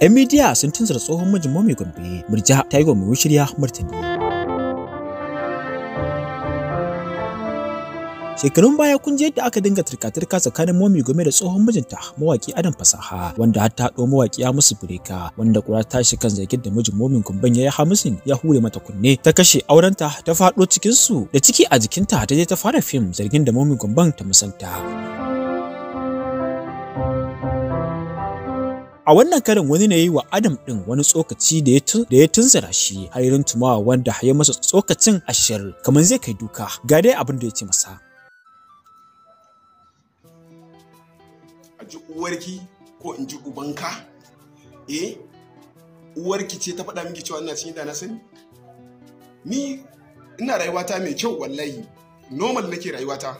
'Yan midiya sun tunzura tsohon mijin Momi Gombe, Murja ta yi wa mai shirya martani. Shekarun baya kun je yadda aka dinga turka tsakanin Momi gome da tsohon mijinta mawaki Adam Fasaha wanda har ta haɗo mawaki ya musu bireka wanda kura ta shi kan zargin da mijin Momin Gomben ya yi hamisin ya hure mata kunne ta kashe aurenta ta faɗo cikinsu da ciki a jikinta ta je ta fara fim zargin da momin Gomben ta musanta. A wannan karin wani ne yi wa Adam ɗin wani tsokaci da ya tunzara shi har irin tumawa wanda ya masa tsokacin ashir kamar zai kai duka ga dai abin da ya ce masa. A ji uwarki ko in ji ubanka? Eh, uwarki ce ta faɗa miki cewa ina cikin da na sani? Ni ina rayuwata mai kyau wallahi, normal nake rayuwata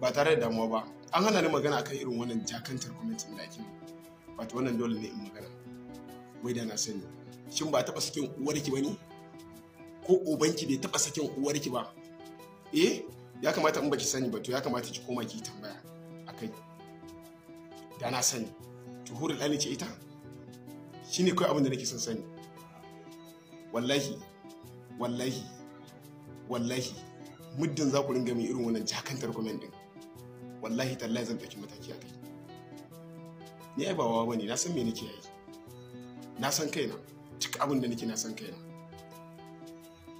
ba tare da damuwa ba. An hana ni magana akan irin wannan jakantar gwamnatin da ake wato wannan dole ne in magana wai da na sani shin ba taɓa sakin uwarki ba ne ko ubanki bai taɓa sakin uwarki ba eh ya kamata in baki sani ba to ya kamata ki koma ki tambaya akai da na sani to hurul ɗani ce ita shine kai abin da nake son sani wallahi wallahi wallahi muddin za ku ringa mai irin wannan jakantar comment din wallahi tallahi zan ɗauki mataki a kai ni ai ba wawa bane na san me nake yi na san kaina duk abin da nake na san kaina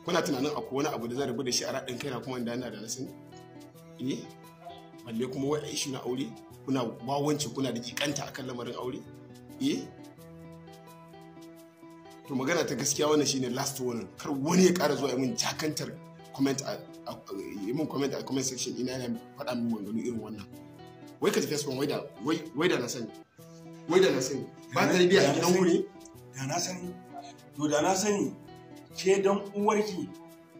kuna tunanin akwai wani abu da zan rabu da shi a raɗin kaina kuma inda ina da na sani ni eh, balle kuma wai shi na aure kuna wawanci kuna da kikanta akan lamarin aure eh to magana ta gaskiya wannan shine last warning kar wani ya ƙara zuwa min jakantar comment a yi min comment a comment section ina yana faɗa min maganganu irin wannan wai ka ji facebook wai da wai da na sani wai da na sani ba ta biya gidan wuri da na sani to da na sani ke dan uwarki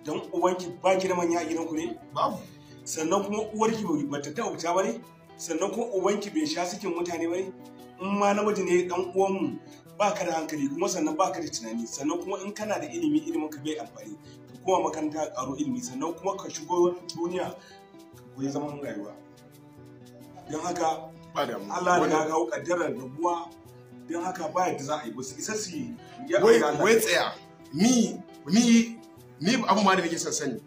dan uwanki ba ki da manya a gidanku ne babu sannan kuma uwarki ba ta taɓa fita ba ne sannan kuma ubanki bai sha sukin mutane ba ne in ma namiji ne dan uwanmu ba ka da hankali kuma sannan ba ka da tunani sannan kuma in kana da ilimi ilimin ka bai amfani ka kuma makaranta karo ilimi sannan kuma ka shigo duniya ku yi zaman rayuwa don haka Allah ya kawo kaddarar rabuwa don haka ba yadda za a yi basu isa su yi wai tsaya ni ni ni abin ma da nake son sani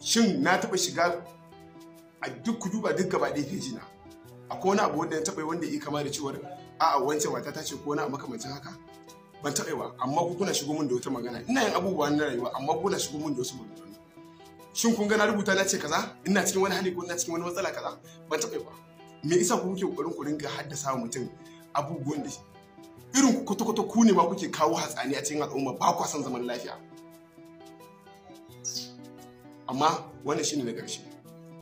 shin na taɓa shiga a duk ku duba duk gaba ɗaya feji na akwai wani abu wanda ya taɓa wanda ya kama da cewar a'a wancan mata ta ce ko wani makamancin haka ban taɓa ba amma ku kuna shigo min da wata magana ina yin abubuwa na rayuwa amma kuna shigo min da wasu magana shin kun ga na rubuta na ce kaza ina cikin wani hali ko ina cikin wani matsala kaza ban taɓa ba me yasa ku kuke kokarin ku rinka haddasa wa mutum abubuwan da irin ku kwata-kwata ku ne ba kuke kawo hatsani a cikin al'umma ba ku san zaman lafiya amma wannan shine na ƙarshe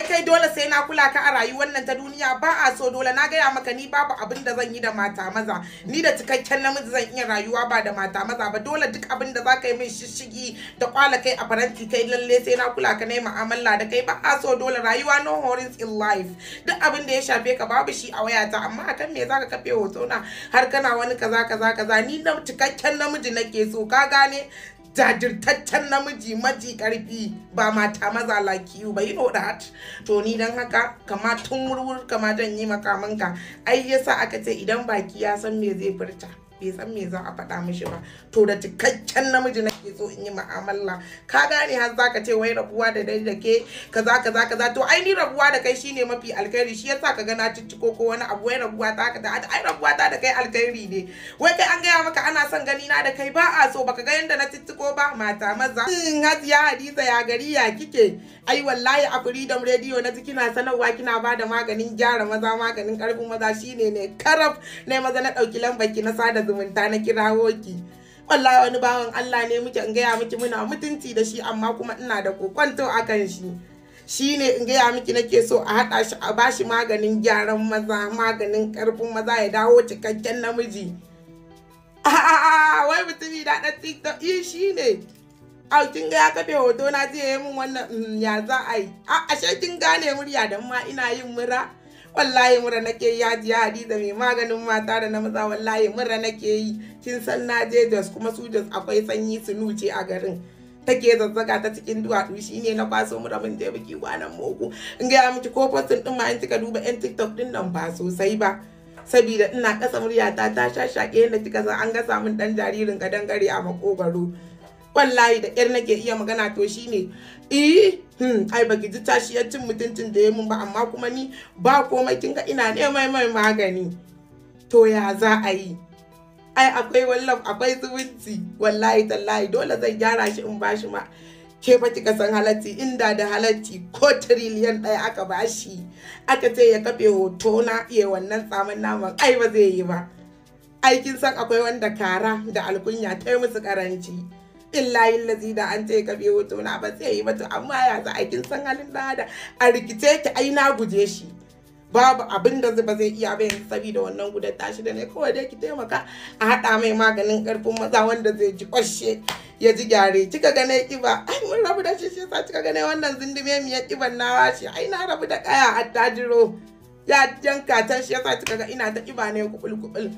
kai dole sai na kula ka a rayuwar nan ta duniya ba a so dole na gaya maka ni babu abin da zan yi da mata maza ni da cikakken namiji zan iya rayuwa ba da mata maza ba dole duk abin da zaka ka yi min shishigi da kwala kai a faranti kai lalle sai na kula ka na yi mu'amala da kai ba a so dole rayuwa no horns in life duk abin da ya shafe ka babu shi a wayata amma akan me zaka kafe hoto na har kana wani kaza kaza kaza ni na cikakken namiji nake so ka gane jajirtaccen namiji maji karfi ba mata maza like you ba you know that to ni dan haka kama tun wurwur kama janye makamanka ai yasa aka ce idan baki ya san me zai furta bai san me za a faɗa mishi ba to da cikakken namiji nake so in yi mu'amala ka gane har zaka ce wai rabuwa da dai da ke kaza kaza kaza to ai ni rabuwa da kai shine mafi alkhairi shi yasa ka ga na cicciko ko wani abu wai rabuwa ta ka da ai rabuwa ta da kai alkhairi ne wai kai an gaya maka ana son gani na da kai ba a so baka ga yanda na cicciko ba mata maza in hajiya hadiza ya gari ya kike ai wallahi a freedom radio na ji kina sanarwa kina ba da maganin gyara maza maganin karfin maza shine ne karaf ne maza na dauki lambar ki na sada zumunta na kirawo ki wallahi wani bawan Allah ne muke in gaya miki muna mutunci da shi amma kuma ina da kokwanto akan shi shi ne in gaya miki nake so a haɗa shi a bashi maganin gyaran maza maganin ƙarfin maza ya dawo cikakken namiji wai mutumi da ɗan tiktok yi eh shi ne kin ga ya kafe hoto na zai yayin wannan mm, ya za a a ashe kin gane murya da ma ina yin mura wallahi mura nake yi hajiya hadiza mai maganin mata da na maza wallahi mura nake yi kin san na je jos kuma su jos akwai sanyi su nuce a garin take zazzaga ta cikin duwatsu shine na kwaso mura rabin je biki kwanan muku in gaya miki ko postin din ma in kika duba yan tiktok din nan ba sosai ba sabida ina kasa muryata ta shashake yadda kika san an gasa min dan jaririn ka dangare a makogaro wallahi da kyar nake iya magana to shine eh Mm, ai baki ji tashi ya cin mutuncin da ya mun ba amma kuma ni ba komai kin ga ina neman mai magani to ya za a yi ai akwai wallaf akwai zumunci wallahi tallahi dole zan gyara shi in bashi ma ke ba kika san halatti inda da halatti ko tiriliyan ɗaya aka bashi aka ce ya kafe hoto na iya wannan tsamin naman ai ba zai yi ba aikin san akwai wanda kara da alkunya ta yi musu karanci billahi lazi da an ce ka biyo to na ba sai yi mata amma ya za a kin san halin da da a rikice ki ai na guje shi babu abin da ba zai iya bayan yanzu saboda wannan gudan tashi da ne kawai dai ki taimaka a haɗa mai maganin karfin maza wanda zai ji kwashe ya ji gyare kika gane kiba ai mun rabu da shi shi sa kika gane wannan zindume mi ya kiban nawa shi ai na rabu da kaya attajiro ya janka ta shi yasa kika ga ina ta kiba ne kubul kubul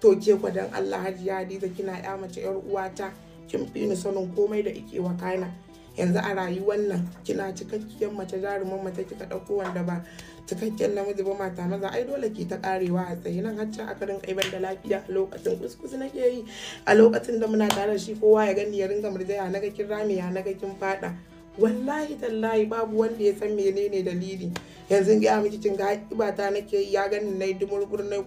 to ke ku dan Allah hajiya Hadiza kina ya mace yar uwata kin fi ni sanin komai da ike wakana yanzu a rayuwar nan kina cikakkiyar mace jarumin mace kika ɗauko wanda ba cikakken namiji ba mata maza ai dole ki ta karewa a tsaye nan har can aka rinka da lafiya a lokacin kuskus nake yi a lokacin da muna tare shi kowa ya gani ya ringa murjaya ga kin rame ya ga kin fada wallahi tallahi babu wanda ya san menene dalili yanzu ga miki cin ga iba ta nake ya gani na yi dumurgur na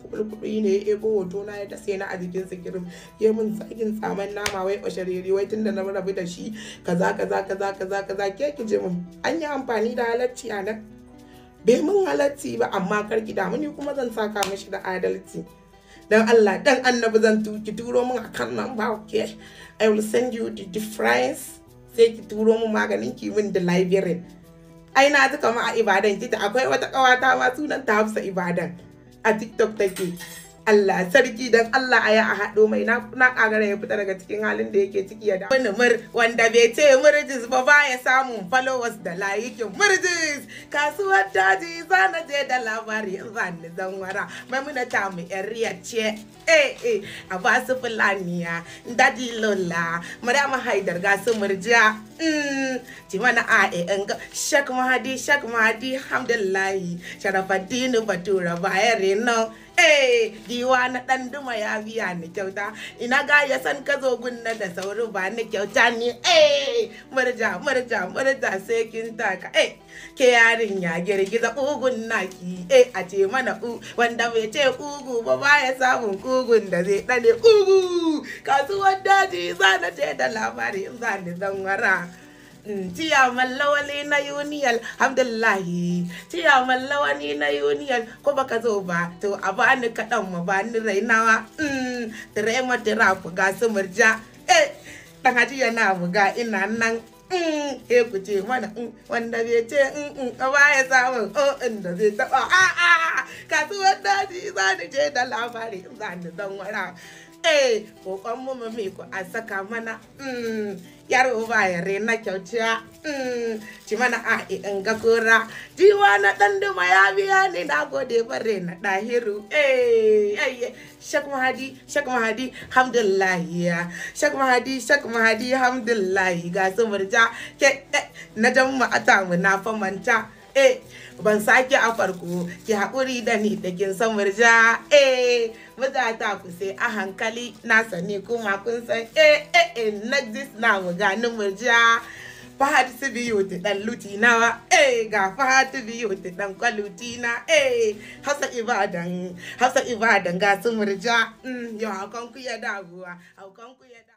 ne ya ebo hoto na ya sai na a jikin sikirim ya mun sakin tsaman nama wai osharere wai tunda na rabu da shi kaza kaza kaza kaza kaza ke ki ji mun an yi amfani da halacci a nan bai mun halacci ba amma kar ki damu ni kuma zan saka mishi da adalci dan Allah dan annabi zan tuki turo mun akan nan ba okay i will send you the difference sai ki turo mu maganin ki min da library ai na ji kama a ibadan kita akwai wata kawata ma sunan ta hafsa ibadan a tiktok take Allah sarki dan Allah a ya a haɗo mai na ƙagara ya fita daga cikin halin da yake ciki ya da wani mur wanda bai ce murjis ba baya samu followers da layikin murjis kasuwar daji zana je da labari zanni zanwara muna ta mu yan riya ce eh eh a ba su fulaniya daji lola maryama haidar ga su murjiya mm. ci mana a e an ga shak mahadi shak mahadi alhamdulillah sharafaddinu batura bayan renon E! diwa na ɗan duma ya biya ni kyauta ina ga ya san ka zo gunna da sauri ba ni kyauta ni E! murja murja murja sai kin taka eh ke yarin ya girgiza ugun naki eh a ce mana u wanda bai ce ugu ba baya samun ugun da zai dane ugu kasuwar daji za na je da labari za ni zanwara Tiya lawali na union abdullahi ciyaman lawani na union ko baka zo ba to a bani kaɗan ma bani rainawa mm, tire ma tira ga su murja eh dan buga ina nan mm, he ku ce mana mm, wanda bai ce a baya samun o'in oh, da zai taɓa a'a ah, ah, ah, kasuwar daji za ni je da labari za ni zan wara Eh, ko kwan mu mami ku a saka mana mm, yaro ba ya rena kyauta mm, ci mana a in ga kora jiwa na dan duma ya biya ni na gode ba rena dahiru eh ayye! Eh, eh, shak mahadi shak mahadi hamdullahi ya shak mahadi shak mahadi hamdullahi ga sumurja murja ke na dan mu ata mu na fa manta eh ban sake a farko ki haƙuri da ni da kin san eh maza za ku sai a hankali na sani kuma kun san E! E! Na nexus na mu ganin mu ja fahad su biyu ta dan lutina wa eh ga fahad su biyu ta dan kwalutina E! Hasa ibadan Hasa ibadan ga su murja mm yo haukan ku ya dabuwa haukan ku ya